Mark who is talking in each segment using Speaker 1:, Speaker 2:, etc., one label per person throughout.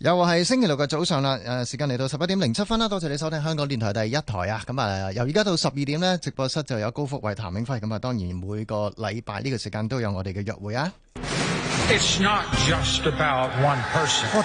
Speaker 1: 又係星期六嘅早上啦，誒，時間嚟到十一點零七分啦，多謝你收聽香港電台第一台啊！咁、嗯、啊、呃，由而家到十二點呢，直播室就有高福慧、譚詠輝，咁、嗯、啊，當然每個禮拜呢個時間都有我哋嘅約會啊。
Speaker 2: It's not just about one
Speaker 1: person. Oh,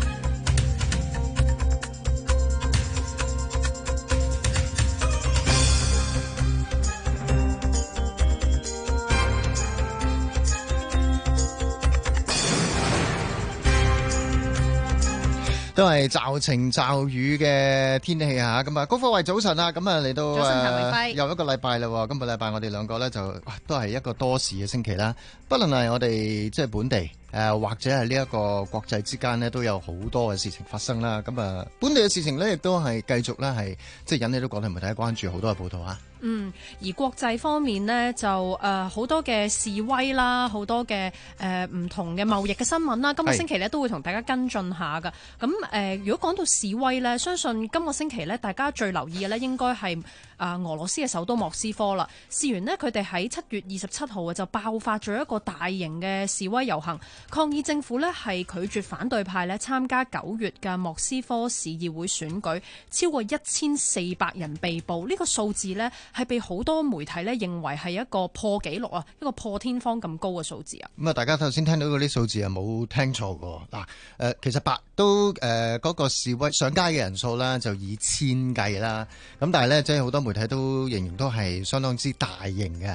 Speaker 1: 都係驟晴驟雨嘅天氣吓，咁啊，高科偉早晨啊，咁啊嚟到早又一個禮拜啦，今個禮拜我哋兩個咧就都係一個多事嘅星期啦，不論係我哋即係本地。誒、呃、或者係呢一個國際之間咧都有好多嘅事情發生啦，咁啊、呃、本地嘅事情呢，亦都係繼續咧係即係引起都廣大媒體關注好多嘅報道啊。
Speaker 3: 嗯，而國際方面呢，就誒好、呃、多嘅示威啦，好多嘅誒唔同嘅貿易嘅新聞啦，今個星期呢，都會同大家跟進下㗎。咁、嗯、誒、呃、如果講到示威呢，相信今個星期呢，大家最留意嘅呢，應該係啊、呃、俄羅斯嘅首都莫斯科啦。事緣呢，佢哋喺七月二十七號啊就爆發咗一個大型嘅示威遊行。抗議政府咧係拒絕反對派咧參加九月嘅莫斯科市議會選舉，超過一千四百人被捕。呢、這個數字咧係被好多媒體咧認為係一個破紀錄啊，一個破天荒咁高嘅數字啊！
Speaker 1: 咁啊，大家頭先聽到嗰啲數字係冇聽錯嘅嗱，誒、呃、其實白都誒嗰、呃那個示威上街嘅人數啦就以千計啦，咁但係呢，即係好多媒體都形容都係相當之大型嘅，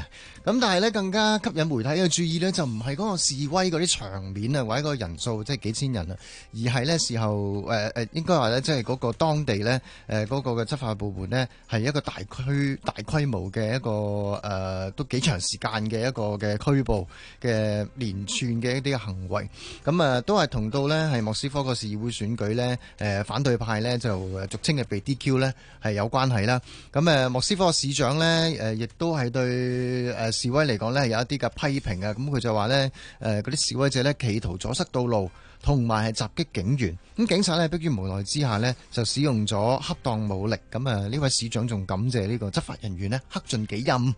Speaker 1: 咁但係呢，更加吸引媒體嘅注意呢，就唔係嗰個示威嗰啲場。層面啊，或者一個人數即係幾千人啊，而係咧時候誒誒、呃、應該話咧即係個當地咧誒、呃那個嘅執法部門咧係一個大區大規模嘅一個誒、呃、都幾長時間嘅一個嘅拘捕嘅連串嘅一啲嘅行為，咁、嗯、啊、呃、都係同到咧係莫斯科個市議會選舉咧誒、呃、反對派咧就俗稱嘅被 DQ 咧係有關係啦，咁、嗯、誒、呃、莫斯科市長咧誒、呃、亦都係對誒示威嚟講咧係有一啲嘅批評啊，咁、嗯、佢就話咧誒啲示威者咧企圖阻塞道路，同埋係襲擊警員。咁警察呢迫於無奈之下呢，就使用咗恰當武力。咁啊呢位市長仲感謝呢個執法人員呢，克盡己任。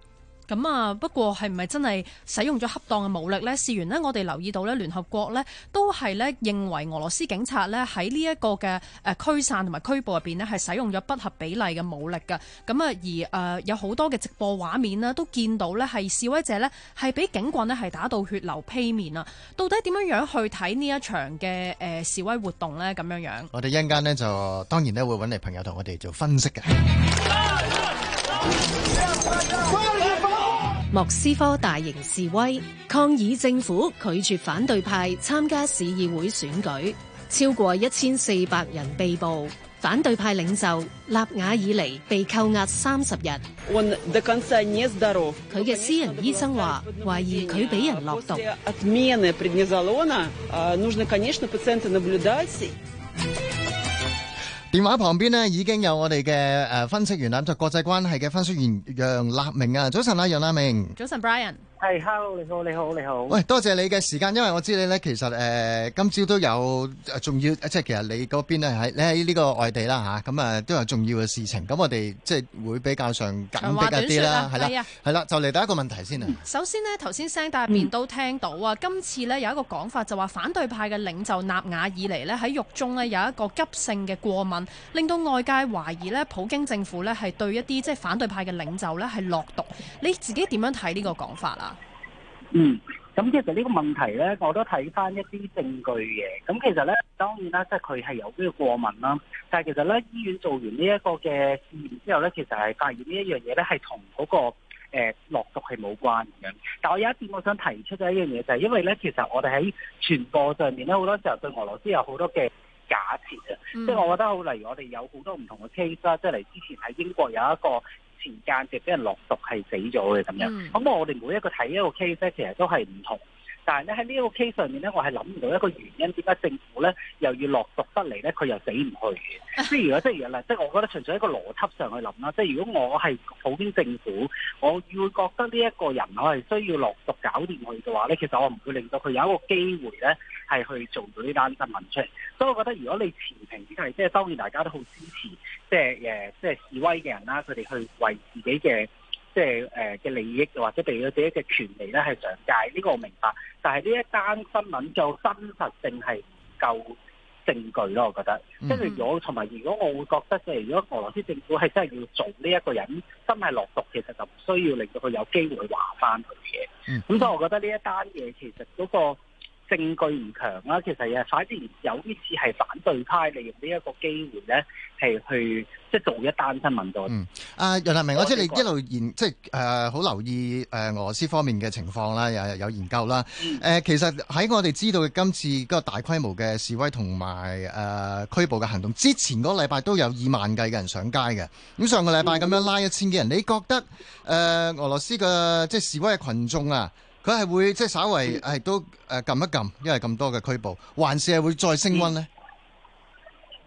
Speaker 3: 咁啊，是不過係唔係真係使用咗恰當嘅武力呢？事緣呢，我哋留意到咧，聯合國咧都係咧認為俄羅斯警察咧喺呢一個嘅誒驅散同埋拘捕入邊咧係使用咗不合比例嘅武力㗎。咁啊，而誒有好多嘅直播畫面咧都見到呢係示威者咧係俾警棍咧係打到血流披面啊！到底點樣樣去睇呢一場嘅誒示威活動呢？咁樣樣，
Speaker 1: 我哋一陣間呢，就當然咧會揾嚟朋友同我哋做分析嘅。
Speaker 3: 莫斯科大型示威，抗議政府拒絕反對派參加市議會選舉，超過一千四百人被捕。反對派領袖納瓦爾尼被扣押三十日。佢嘅私人醫生話，懷疑佢俾人落毒。
Speaker 1: 電話旁邊呢，已經有我哋嘅誒分析員啊，就國際關係嘅分析員楊立明啊，早晨啦，楊立明，
Speaker 3: 早晨 Brian。係、hey,，hello，你好，你好，你好。喂，
Speaker 1: 多謝你嘅時間，因為我知你咧，其實誒、呃，今朝都有誒重要，即係其實你嗰邊咧，喺你喺呢個外地啦吓，咁啊、嗯，都有重要嘅事情。咁我哋即係會比較上緊迫一啲啦，係啦，係啦的的，就嚟到一個問題先啊。嗯、
Speaker 3: 首先呢，頭先聲帶入面都聽到啊，今次咧有一個講法就話反對派嘅領袖納瓦爾尼咧喺獄中呢有一個急性嘅過敏，令到外界懷疑咧普京政府咧係對一啲即係反對派嘅領袖咧係落毒。你自己點樣睇呢個講法啊？
Speaker 2: 嗯，咁其，其實呢個問題咧，我都睇翻一啲證據嘅。咁其實咧，當然啦，即係佢係有呢啲過敏啦。但係其實咧，醫院做完呢一個嘅試驗之後咧，其實係發現呢一樣嘢咧，係同嗰個、呃、落毒係冇關嘅。但我有一點我想提出嘅一樣嘢就係、是，因為咧，其實我哋喺傳播上面咧，好多時候對俄羅斯有好多嘅假設啊。嗯、即係我覺得，例如我哋有好多唔同嘅 case 啦，即係嚟之前喺英國有一個。時間就俾人落毒係死咗嘅咁樣，咁、mm hmm. 我哋每一個睇一個 case 咧，其實都係唔同。但係咧喺呢一個 case 上面咧，我係諗唔到一個原因點解政府咧又要落毒得嚟咧，佢又死唔去 即係如果即係例如嗱，即係我覺得純粹一個邏輯上去諗啦。即係如果我係普京政府，我要覺得呢一個人我係需要落毒搞掂佢嘅話咧，其實我唔會令到佢有一個機會咧係去做到呢單新聞出嚟。所以我覺得如果你持平啲睇，即係當然大家都好支持，即係誒、呃，即係示威嘅人啦，佢哋去為自己嘅。即係誒嘅利益，或者俾佢自己嘅權利咧。係上界呢、呢個我明白，但係呢一單新聞就真實性係唔夠證據咯，我覺得。即係、嗯、如果同埋，如果我會覺得，即係如果俄羅斯政府係真係要做呢一個人真係落毒，其實就唔需要令到佢有機會話翻佢嘅。嗯。咁所以，我覺得呢一單嘢其實嗰、嗰個。證據唔強啦，其實呀反而有呢
Speaker 1: 次係反對派利用呢一個機會咧，係去即係做一單新聞度。嗯，阿楊立明，我知你一路研即係誒好留意誒俄羅斯方面嘅情況啦，又有，有研究啦。誒、呃，其實喺我哋知道今次個大規模嘅示威同埋誒拘捕嘅行動之前嗰個禮拜都有二萬計嘅人上街嘅。咁上個禮拜咁樣拉一千幾人，嗯、你覺得誒、呃、俄羅斯嘅即係示威嘅群眾啊？佢係會即係稍微係都誒撳一撳，因為咁多嘅拘捕，還是係會再升溫咧？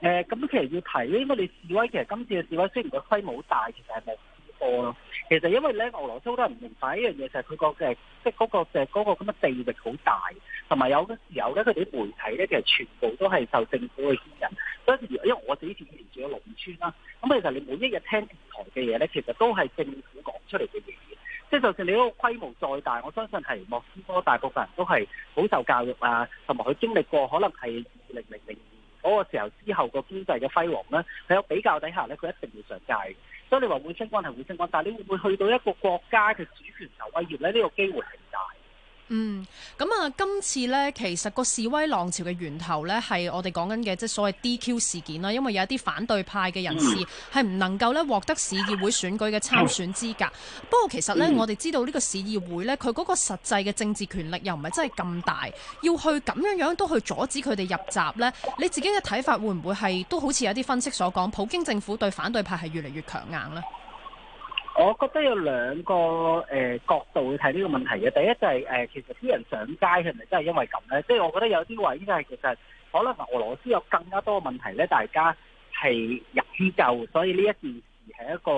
Speaker 2: 誒，咁其實要提咧，因為你示威其實今次嘅示威雖然個規模好大，其實係未試過咯。其實因為咧，俄羅斯好多人唔明白一樣嘢，就係佢個嘅即係嗰個嘅嗰個咁嘅地域好大，同埋有嘅時候咧，佢哋啲媒體咧，其實全部都係受政府嘅牽引。所以而因為我哋以前住咗農村啦，咁其實你每一日聽電台嘅嘢咧，其實都係政府講出嚟嘅嘢。即係，就算你嗰個規模再大，我相信係莫斯科大部分人都係好受教育啊，同埋佢經歷過可能係二零零零嗰個時候之後個經濟嘅輝煌咧，喺比較底下咧，佢一定要上街。所以你話會升軍係會升軍，但係你會唔會去到一個國家嘅主權受威脅咧？呢個機會係大。
Speaker 3: 嗯，咁啊，今次呢，其實個示威浪潮嘅源頭呢，係我哋講緊嘅即係所謂 DQ 事件啦。因為有一啲反對派嘅人士係唔能夠呢獲得市議會選舉嘅參選資格。嗯、不過其實呢，嗯、我哋知道呢個市議會呢，佢嗰個實際嘅政治權力又唔係真係咁大，要去咁樣樣都去阻止佢哋入閘呢，你自己嘅睇法會唔會係都好似有啲分析所講，普京政府對反對派係越嚟越強硬呢？
Speaker 2: 我覺得有兩個誒、呃、角度去睇呢個問題嘅。第一就係、是、誒、呃，其實啲人上街係咪真係因為咁咧？即、就、係、是、我覺得有啲位、就是，因為其實可能俄羅斯有更加多嘅問題咧，大家係研究。所以呢一件事係一個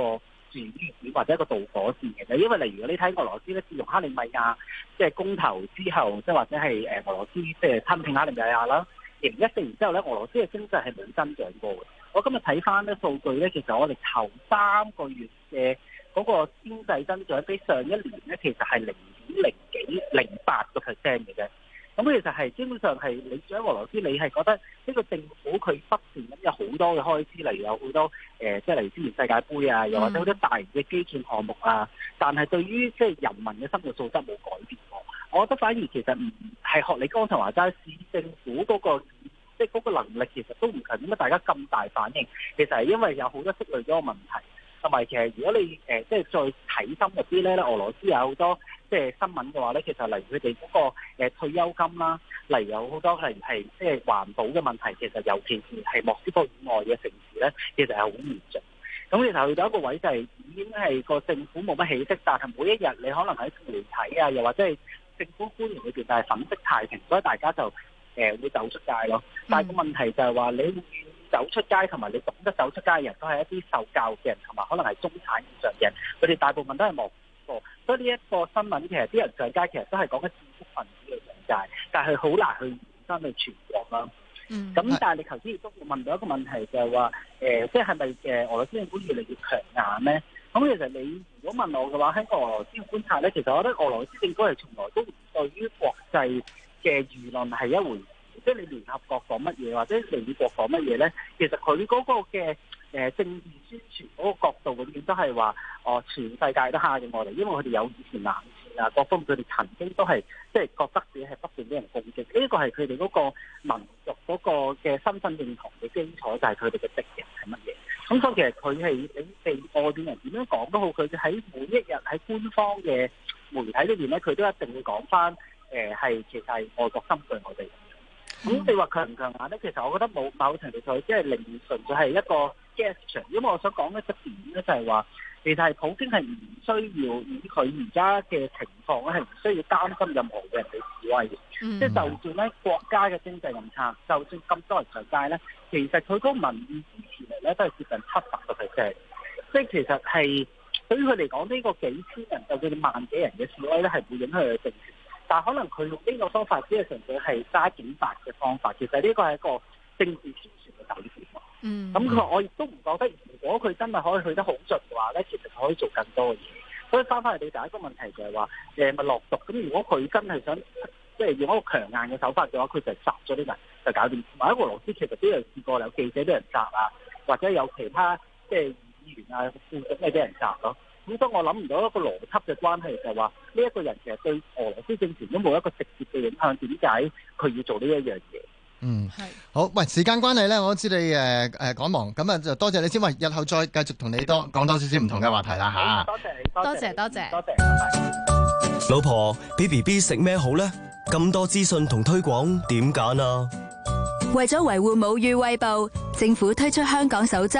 Speaker 2: 轉折點或者一個導火線嚟嘅。因為例如你睇俄羅斯咧，自從克里米亞即係公投之後，即係或者係誒俄羅斯即係、就是、吞併克里米亞啦，成一定完之後咧，俄羅斯嘅經濟係冇增長過嘅。我今日睇翻咧數據咧，其實我哋頭三個月嘅。嗰個經濟增長比上一年咧，其實係零點零幾零八個 percent 嘅啫。咁其實係基本上係你喺俄羅斯，你係覺得呢個政府佢不斷咁有好多嘅開支，嚟、呃，有好多誒，即係嚟之前世界盃啊，又或者好多大型嘅基建項目啊。但係對於即係人民嘅生活素質冇改變過。我覺得反而其實唔係學你剛才話齋，市政府嗰、嗰個即係嗰個能力其實都唔強，點解大家咁大反應？其實係因為有好多積累咗個問題。同埋其實，如果你誒即係再睇深入啲咧，咧俄羅斯有好多即係新聞嘅話咧，其實例如佢哋嗰個誒退休金啦，例如有好多係係即係環保嘅問題，其實尤其是係莫斯科以外嘅城市咧，其實係好嚴重。咁然後去到一個位就係已經係個政府冇乜起色，但係每一日你可能喺媒體啊，又或者係政府官員裏邊，但係粉飾太平，所以大家就誒會走出街咯。但係個問題就係話你走出街同埋你懂得走出街嘅人都係一啲受教嘅人同埋可能係中產以上嘅人。佢哋大部分都係望貨，所以呢一個新聞其實啲人上街其實都係講緊啲羣體嘅世界，但係好難去延伸到全國咯。咁、嗯、但係你頭先亦都問到一個問題就係、是、話，誒、呃，即係係咪誒俄羅斯政府越嚟越強硬咧？咁其實你如果問我嘅話，喺俄羅斯嘅觀察咧，其實我覺得俄羅斯政府係從來都唔對於國際嘅輿論係一回。即係你聯合國講乜嘢，或者聯合國講乜嘢咧？其實佢嗰個嘅誒政治宣傳嗰個角度，永遠都係話，哦，全世界都嚇咗我哋，因為佢哋有以前冷戰啊，各方佢哋曾經都係即係覺得自己係不斷俾人攻擊，呢個係佢哋嗰個民族嗰個嘅身份認同嘅基礎，就係佢哋嘅敵人係乜嘢。咁所以其實佢係你哋外邊人點樣講都好，佢哋喺每一日喺官方嘅媒體裏邊咧，佢都一定會講翻誒係其實係外國針對我哋。咁你話強唔強硬咧？其實我覺得冇某程度上即係零，純粹係一個 gesture。因為我想講咧一點咧，就係話其實係普京係唔需要，以佢而家嘅情況咧係唔需要擔心任何嘅人嘅示威嘅。即係就算咧國家嘅經濟咁差，就算咁多人上街咧，其實佢個民意支持率咧都係接近七十個 percent。即係其實係對於佢嚟講，呢個幾千人，就算萬幾人嘅示威咧，係唔會影響佢嘅政權。但係可能佢用呢個方法只係純粹係加減法嘅方法，其實呢個係一個政治宣傳嘅手段。嗯，咁佢話我亦都唔覺得，如果佢真係可以去得好盡嘅話咧，其實可以做更多嘅嘢。所以翻返嚟你第一個問題就係話，誒、呃、咪落毒？咁如果佢真係想即係用一個強硬嘅手法嘅話，佢就係砸咗啲人就搞掂。同埋喺俄羅斯其實都有試過，有記者畀人砸啊，或者有其他即係、呃、議員啊，都都有被人砸咯。咁當我諗唔到一個邏輯嘅關係就話呢一個人其
Speaker 1: 實對俄羅斯政權都冇一個直接嘅影響，點解佢要做呢一樣嘢？嗯，係好，喂，時間關係咧，我知你誒、誒、趕忙，咁啊就多謝你先。喂，日後再繼續同你多講多少少唔同嘅話題啦，吓。多謝你，
Speaker 3: 多謝，多謝，多謝。
Speaker 1: 老婆，俾 B B 食咩好咧？咁多資訊同推廣，點揀啊？
Speaker 4: 為咗維護母乳餵哺，政府推出香港守則。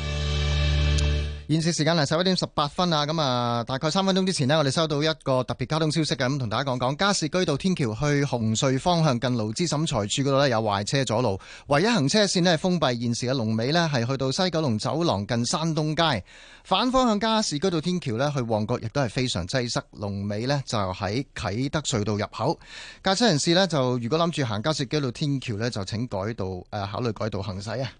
Speaker 1: 現時時間係十一點十八分啊！咁啊，大概三分鐘之前呢，我哋收到一個特別交通消息嘅，咁同大家講講。加士居道天橋去紅隧方向近勞資審裁處嗰度呢，有壞車阻路，唯一行車線呢，係封閉，現時嘅龍尾呢，係去到西九龍走廊近山東街，反方向加士居道天橋呢，去旺角亦都係非常擠塞，龍尾呢，就喺啟德隧道入口。駕車人士呢，就如果諗住行加士居道天橋呢，就請改道誒考慮改道行駛啊！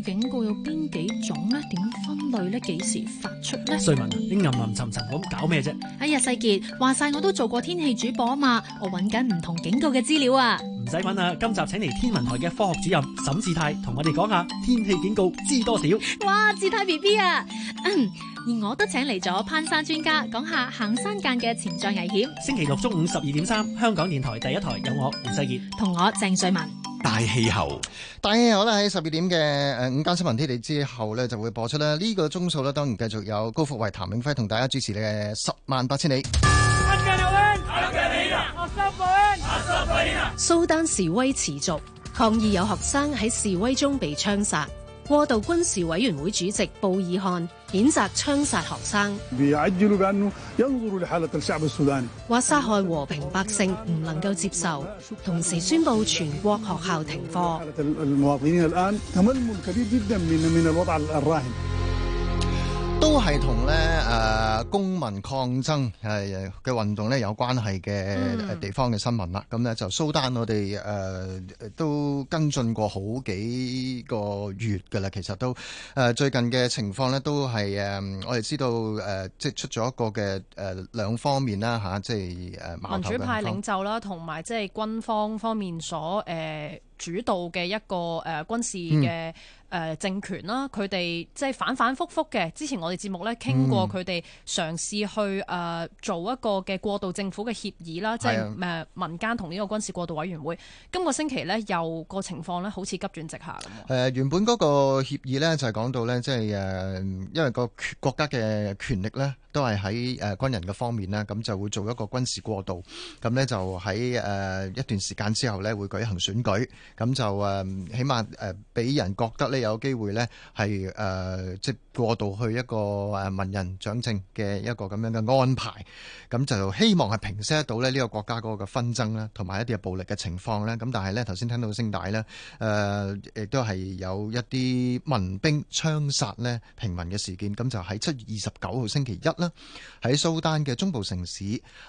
Speaker 3: 警告有邊幾種咧？點分類咧？幾時發出咧？瑞文
Speaker 1: 啊，你吟吟沉沉咁搞咩啫？
Speaker 3: 哎呀，世杰，話晒我都做過天氣主播啊嘛，我揾緊唔同警告嘅資料啊！唔使揾啦，今集請
Speaker 2: 嚟天文台嘅科學主任沈志泰同我哋講下天氣警告知多少？
Speaker 3: 哇，志泰 BB 啊，嗯！而我都請嚟咗攀山專家講下行山間嘅潛在危險。
Speaker 2: 星期六中午十二點三，香港電台第一台有我吳世杰同我鄭瑞文。
Speaker 1: 大氣候，大氣候咧喺十二點嘅誒、呃、五間新聞天地之後咧就會播出啦。呢、這個鐘數咧當然繼續有高福慧、譚永輝同大家主持嘅十萬八千里。阿蘇丹示威持續
Speaker 3: 抗議，有學生喺示威中被槍殺。過渡軍事委員會主席布爾漢譴責槍殺學
Speaker 2: 生，話
Speaker 3: 殺 害和平百姓唔能夠接受，同時宣布全國學校停課。
Speaker 1: 都係同咧誒公民抗爭誒嘅運動咧有關係嘅地方嘅新聞啦。咁咧、嗯、就蘇丹我哋誒、呃、都跟進過好幾個月㗎啦。其實都誒、呃、最近嘅情況咧都係誒、呃、我哋知道誒、呃、即係出咗一個嘅誒、呃、兩方面啦嚇、啊，即係誒民主派領
Speaker 3: 袖啦，同埋即係軍方方面所誒。呃主導嘅一個誒、呃、軍事嘅誒、呃、政權啦，佢哋即係反反覆覆嘅。之前我哋節目咧傾過，佢哋嘗試去誒、呃、做一個嘅過渡政府嘅協議啦，嗯、即係誒、呃、民間同呢個軍事過渡委員會。今個星期呢，又個情況呢好似急轉直下咁。
Speaker 1: 誒、呃，原本嗰個協議咧就係、係、講到呢，即係誒，因為個國家嘅權力呢，都係喺誒軍人嘅方面啦，咁就會做一個軍事過渡。咁呢，就喺誒一段時間之後呢，會舉行選選舉。咁就誒，起碼誒俾人覺得咧，有機會咧係誒，即係過渡去一個誒文人掌政嘅一個咁樣嘅安排。咁就希望係平息得到咧呢個國家嗰個嘅紛爭啦，同埋一啲嘅暴力嘅情況啦。咁但係咧，頭先聽到聲帶咧，誒亦都係有一啲民兵槍殺咧平民嘅事件。咁就喺七月二十九號星期一啦，喺蘇丹嘅中部城市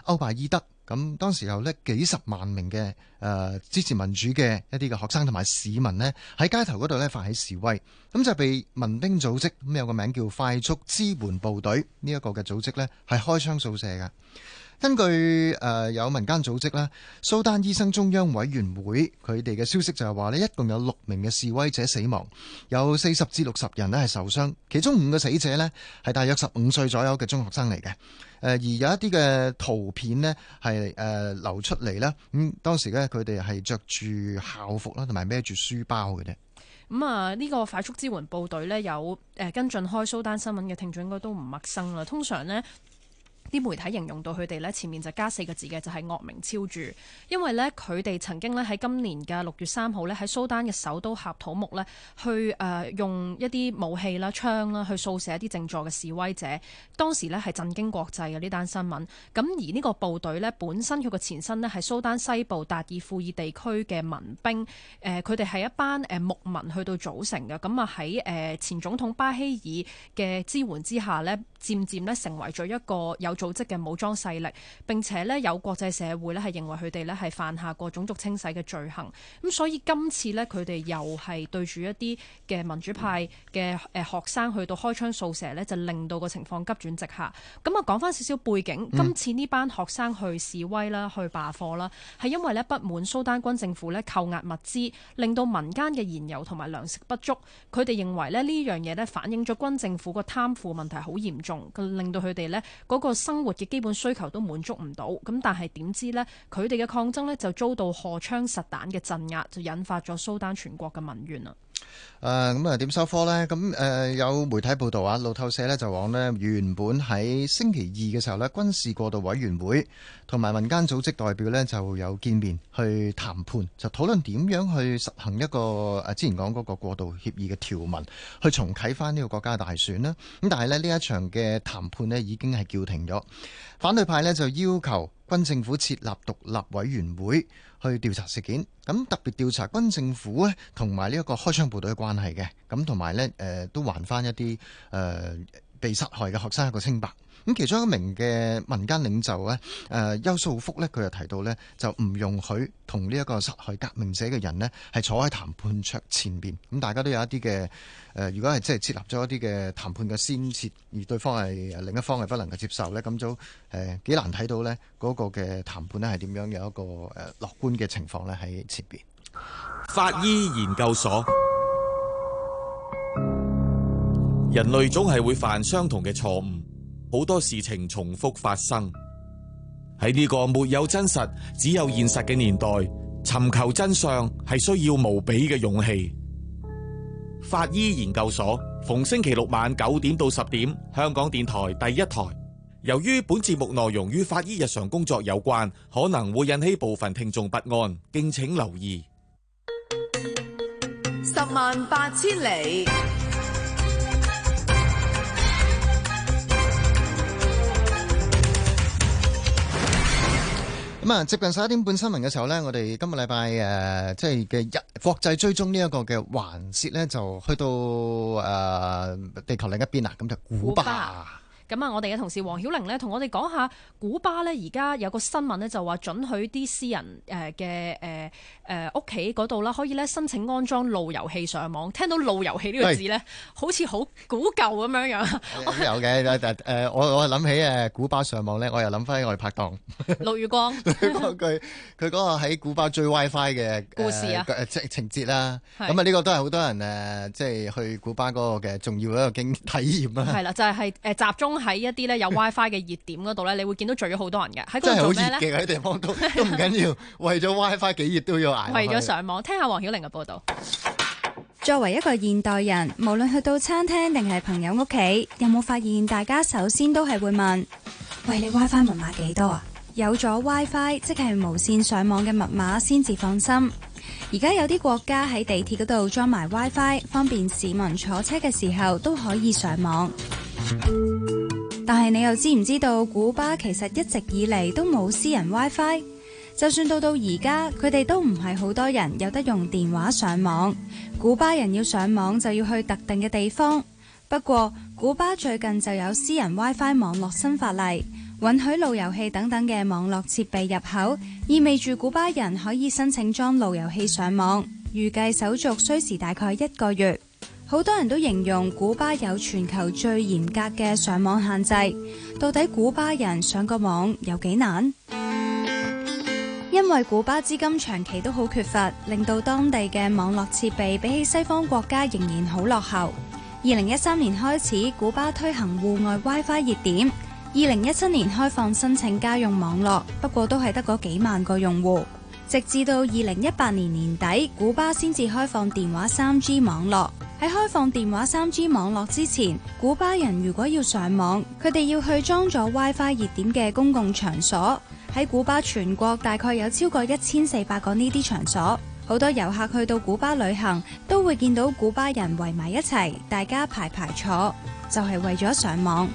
Speaker 1: 歐拜伊德。.咁當時候呢幾十萬名嘅誒支持民主嘅一啲嘅學生同埋市民呢，喺街頭嗰度呢發起示威，咁就被民兵組織，咁有個名叫快速支援部隊呢一個嘅組織呢，係開槍掃射㗎。根據誒有民間組織啦，蘇丹醫生中央委員會佢哋嘅消息就係話呢，一共有六名嘅示威者死亡，有四十至六十人呢係受傷，其中五個死者呢，係大約十五歲左右嘅中學生嚟嘅。誒而有一啲嘅圖片呢係誒、呃、流出嚟啦，咁、嗯、當時咧佢哋係着住校服啦，同埋孭住書包嘅啫。
Speaker 3: 咁、嗯、啊，呢、呢個快速支援部隊呢，有誒、呃、跟進開蘇丹新聞嘅聽眾應該都唔陌生啦。通常呢，啲媒體形容到佢哋呢，前面就加四個字嘅就係惡名昭著，因為呢，佢哋曾經呢，喺今年嘅六月三號呢，喺蘇丹嘅首都喀土木呢，去誒用一啲武器啦、槍啦去掃射一啲靜坐嘅示威者，當時呢，係震驚國際嘅呢單新聞。咁而呢個部隊呢，本身佢個前身呢，係蘇丹西部達爾富爾地區嘅民兵，誒佢哋係一班誒牧民去到組成嘅，咁啊喺誒前總統巴希爾嘅支援之下呢，漸漸呢，成為咗一個有組織嘅武裝勢力，並且咧有國際社會咧係認為佢哋咧係犯下過種族清洗嘅罪行。咁所以今次呢，佢哋又係對住一啲嘅民主派嘅誒學生去到開槍掃射呢就令到個情況急轉直下。咁啊，講返少少背景，嗯、今次呢班學生去示威啦，去罷課啦，係因為呢，不滿蘇丹軍政府咧扣押物資，令到民間嘅燃油同埋糧食不足。佢哋認為咧呢樣嘢咧反映咗軍政府個貪腐問題好嚴重，令到佢哋呢，嗰生活嘅基本需求都滿足唔到，咁但係點知呢？佢哋嘅抗爭呢，就遭到荷槍實彈嘅鎮壓，就引發咗蘇丹全國嘅民怨啊！
Speaker 1: 誒，咁啊、呃，點收科呢？咁、呃、誒，有媒體報道啊，路透社咧就往咧，原本喺星期二嘅時候咧，軍事過渡委員會同埋民間組織代表咧就有見面去談判，就討論點樣去實行一個誒、啊，之前講嗰個過渡協議嘅條文，去重啟翻呢個國家大選啦。咁但係咧呢一場嘅談判咧已經係叫停咗，反對派呢就要求。軍政府設立獨立委員會去調查事件，咁特別調查軍政府呢同埋呢一個開槍部隊嘅關係嘅，咁同埋呢誒都還返一啲誒、呃、被殺害嘅學生一個清白。咁其中一名嘅民間領袖咧，誒、呃、邱素福咧，佢又提到咧，就唔容許同呢一個殺害革命者嘅人咧，係坐喺談判桌前邊。咁、嗯、大家都有一啲嘅誒，如果係即係設立咗一啲嘅談判嘅先設，而對方係另一方係不能夠接受咧，咁就誒幾、呃、難睇到呢嗰、那個嘅談判咧係點樣有一個誒樂觀嘅情況呢喺前邊。法醫研究所，人類總係會犯相同嘅錯誤。好多事情重複發生。喺呢個沒有真實，只有現實嘅年代，尋求真相係需要無比嘅勇氣。法醫研究所逢星期六晚九點到十點，香港電台第一台。由於本節目內容與法醫日常工作有關，可能會引起部分聽眾不安，敬請留意。
Speaker 3: 十萬八千里。
Speaker 1: 咁啊、嗯，接近十一點半新聞嘅時候呢，我哋今日禮拜誒，即係嘅一國際追蹤呢一個嘅環節呢，就去到誒、呃、地球另一邊啦，咁就古巴。古巴。
Speaker 3: 咁啊，我哋嘅同事黃曉玲咧，同我哋講下古巴咧，而家有個新聞咧，就話准許啲私人誒嘅誒誒屋企度啦，可以咧申請安裝路由器上網。聽到路由器呢個字咧，好似好古舊咁樣樣。
Speaker 1: 有嘅誒，我我諗起誒古巴上網咧，我又諗翻我哋拍檔陸月光佢佢嗰個喺古巴追 WiFi 嘅故事啊誒情情節啦，咁啊呢個都係好多人誒即係去古巴個嘅重要一個經體驗啦。係啦，
Speaker 3: 就係係集中。喺一啲咧有 WiFi 嘅熱點嗰度咧，你會見到聚咗好多人嘅。喺真係
Speaker 4: 好熱嘅，地
Speaker 1: 方都都唔緊要， 為咗 WiFi 幾熱都要挨。為咗上
Speaker 3: 網，聽下黃曉玲嘅報道。
Speaker 4: 作為一個現代人，無論去到餐廳定係朋友屋企，有冇發現大家首先都係會問：喂，你 WiFi 密碼幾多啊？有咗 WiFi 即係無線上網嘅密碼先至放心。而家有啲國家喺地鐵嗰度裝埋 WiFi，方便市民坐車嘅時候都可以上網。嗯。但係你又知唔知道，古巴其實一直以嚟都冇私人 WiFi，就算到到而家，佢哋都唔係好多人有得用電話上網。古巴人要上網就要去特定嘅地方。不過古巴最近就有私人 WiFi 網絡新法例，允許路由器等等嘅網絡設備入口，意味住古巴人可以申請裝路由器上網，預計手續需時大概一個月。好多人都形容古巴有全球最嚴格嘅上網限制。到底古巴人上個網有幾難？因為古巴資金長期都好缺乏，令到當地嘅網絡設備比起西方國家仍然好落後。二零一三年開始，古巴推行戶外 WiFi 熱點。二零一七年開放申請家用網絡，不過都係得嗰幾萬個用戶。直至到二零一八年年底，古巴先至開放電話三 G 網絡。喺開放電話三 G 網絡之前，古巴人如果要上網，佢哋要去裝咗 WiFi 熱點嘅公共場所。喺古巴全國大概有超過一千四百個呢啲場所。好多遊客去到古巴旅行，都會見到古巴人圍埋一齊，大家排排坐，就係為咗上網。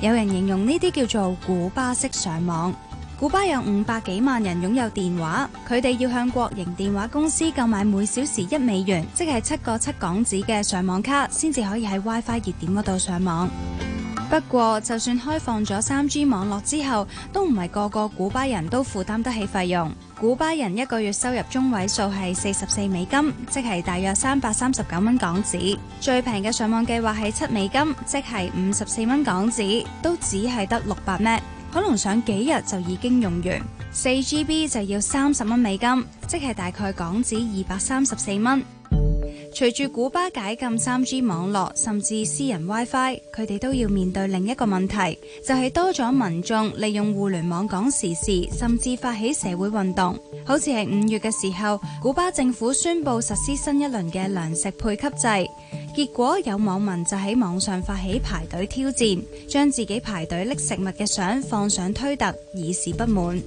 Speaker 4: 有人形容呢啲叫做古巴式上網。古巴有五百幾萬人擁有電話，佢哋要向國營電話公司購買每小時一美元，即係七個七港紙嘅上網卡，先至可以喺 WiFi 熱點嗰度上網。不過就算開放咗三 G 網絡之後，都唔係個個古巴人都負擔得起費用。古巴人一個月收入中位數係四十四美金，即係大約三百三十九蚊港紙。最平嘅上網計劃係七美金，即係五十四蚊港紙，都只係得六百 m 可能上幾日就已經用完。四 GB 就要三十蚊美金，即係大概港紙二百三十四蚊。隨住古巴解禁三 G 網絡，甚至私人 WiFi，佢哋都要面對另一個問題，就係多咗民眾利用互聯網講時事，甚至發起社會運動。好似係五月嘅時候，古巴政府宣布實施新一輪嘅糧食配給制。結果有網民就喺網上發起排隊挑戰，將自己排隊拎食物嘅相放上推特，以示不滿。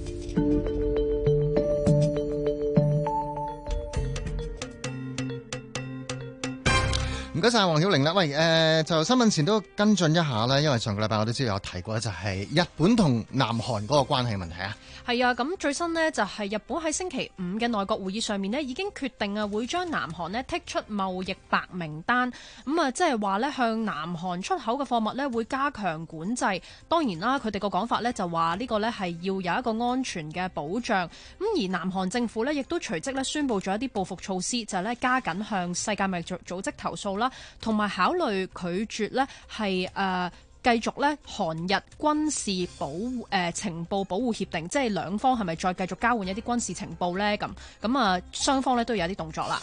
Speaker 1: 唔該曬黃曉玲啦，喂誒、呃、就新聞前都跟進一下啦，因為上個禮拜我都知道有提過，就係日本同南韓嗰個關係問題啊。
Speaker 3: 係啊，咁最新呢，就係日本喺星期五嘅內閣會議上面呢，已經決定啊會將南韓呢剔出貿易白名單，咁啊即係話呢，向南韓出口嘅貨物呢會加強管制。當然啦，佢哋個講法呢就話呢個呢係要有一個安全嘅保障。咁而南韓政府呢，亦都隨即呢宣布咗一啲報復措施，就呢、係、加緊向世界貿易組組織投訴啦。同埋考慮拒絕呢係誒繼續呢韓日軍事保誒、呃、情報保護協定，即係兩方係咪再繼續交換一啲軍事情報呢？咁咁啊，雙方呢都有啲動作啦。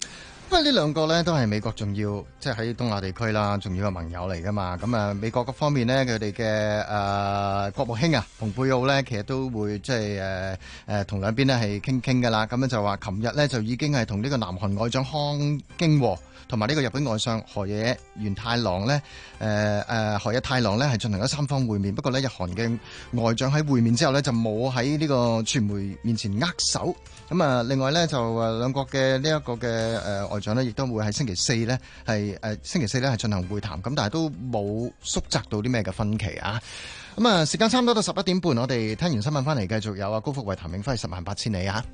Speaker 1: 因為呢兩個咧都係美國重要，即係喺東亞地區啦，重要嘅盟友嚟噶嘛。咁、嗯、啊，美國各方面咧，佢哋嘅誒國務卿啊，蓬佩奧咧，其實都會即係誒誒同兩邊咧係傾傾噶啦。咁、嗯、樣就話，琴日咧就已經係同呢個南韓外長康京和，同埋呢個日本外相河野元太郎咧，誒誒河野太郎咧係、呃、進行咗三方會面。不過咧，日韓嘅外長喺會面之後咧，就冇喺呢個傳媒面前握手。咁啊，另外咧就誒兩國嘅呢一個嘅誒外長咧，亦都會喺星期四咧，係誒星期四咧係進行會談，咁但係都冇縮窄到啲咩嘅分歧啊！咁啊，時間差唔多到十一點半，我哋聽完新聞翻嚟，繼續有啊高福慧、譚永輝《十萬八千里》啊。